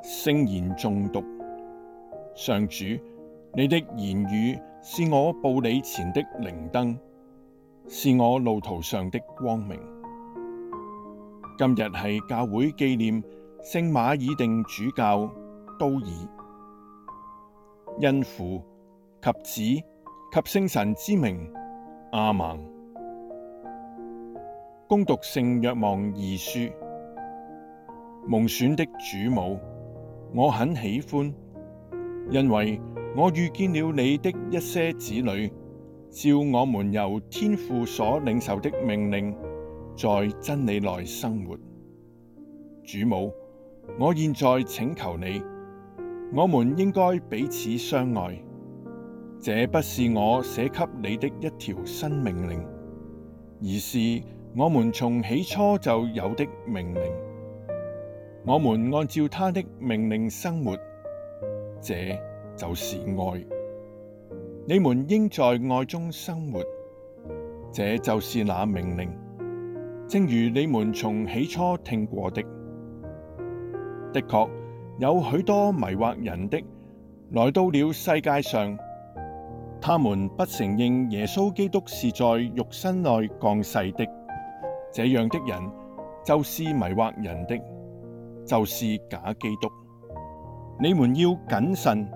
聖言誦讀，上主，你的言語是我步你前的靈燈，是我路途上的光明。今日係教會紀念聖瑪爾定主教都爾，因父及子及聖神之名，亞孟。恭讀聖若望二書，蒙選的主母。我很喜歡，因為我遇見了你的一些子女，照我們由天父所領受的命令，在真理內生活。主母，我現在請求你，我們應該彼此相愛。這不是我寫給你的一條新命令，而是我們從起初就有的命令。我們按照他的命令生活，這就是愛。你們應在愛中生活，這就是那命令，正如你們從起初聽過的。的確，有許多迷惑人的，來到了世界上，他們不承認耶穌基督是在肉身內降世的，這樣的人就是迷惑人的。就是假基督，你們要謹慎，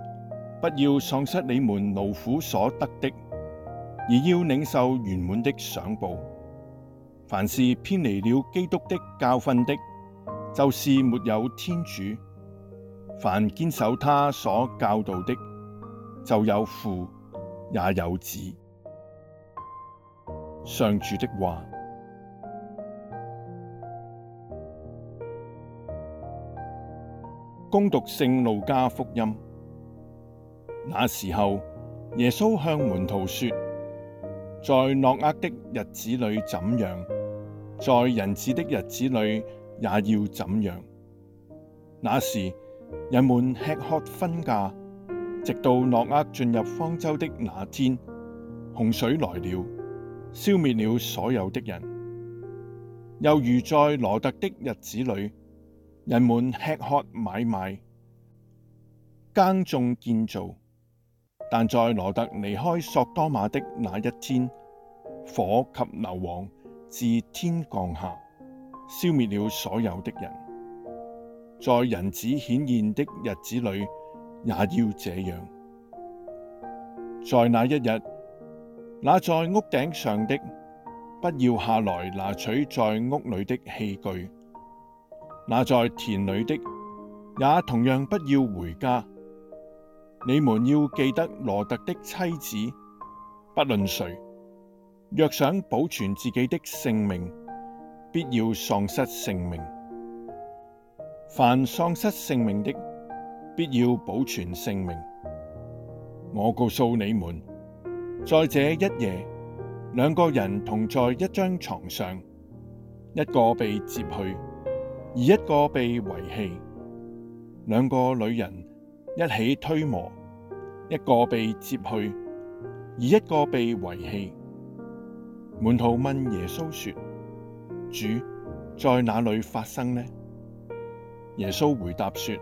不要喪失你們勞苦所得的，而要領受圓滿的賞報。凡是偏離了基督的教訓的，就是沒有天主；凡堅守他所教導的，就有父也有子。上主的話。恭讀《聖路加福音》，那時候耶穌向門徒說：在諾厄的日子裏怎樣，在人子的日子裏也要怎樣。那時人們吃喝婚嫁，直到諾厄進入方舟的那天，洪水來了，消滅了所有的人。又如在羅特的日子裏。人們吃喝買賣耕種建造，但在羅特離開索多瑪的那一天，火及硫磺自天降下，消滅了所有的人。在人子顯現的日子裡，也要這樣。在那一日，那在屋頂上的，不要下來拿取在屋裏的器具。那在田裏的，也同樣不要回家。你們要記得羅特的妻子，不論誰若想保存自己的性命，必要喪失性命；凡喪失性命的，必要保存性命。我告訴你們，在這一夜，兩個人同在一張床上，一個被接去。而一個被遺棄，兩個女人一起推磨，一個被接去，而一個被遺棄。門徒問耶穌說：主，在哪裏發生呢？耶穌回答說：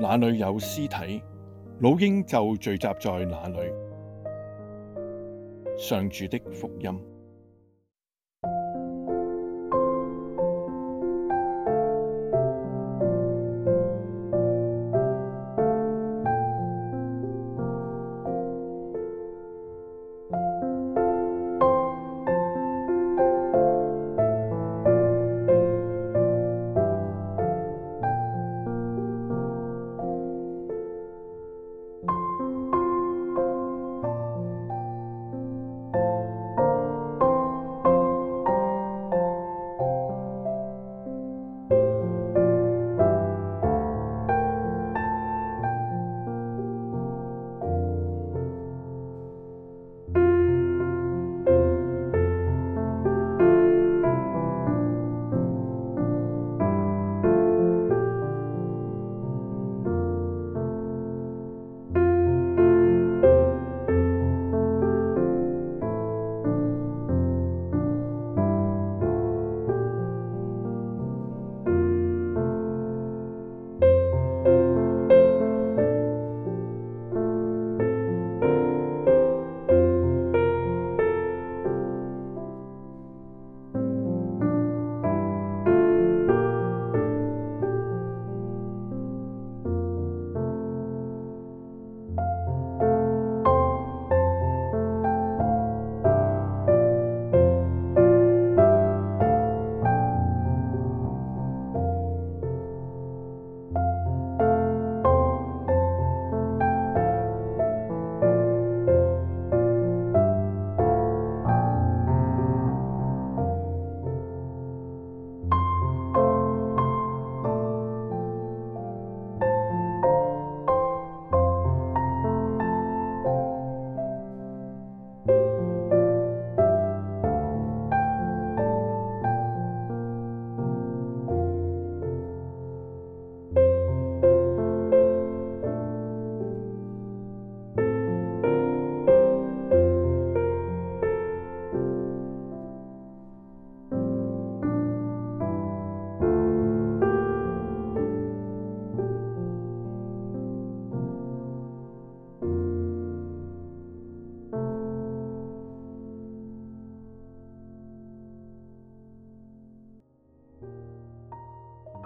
哪裏有屍體，老鷹就聚集在哪裏。上主的福音。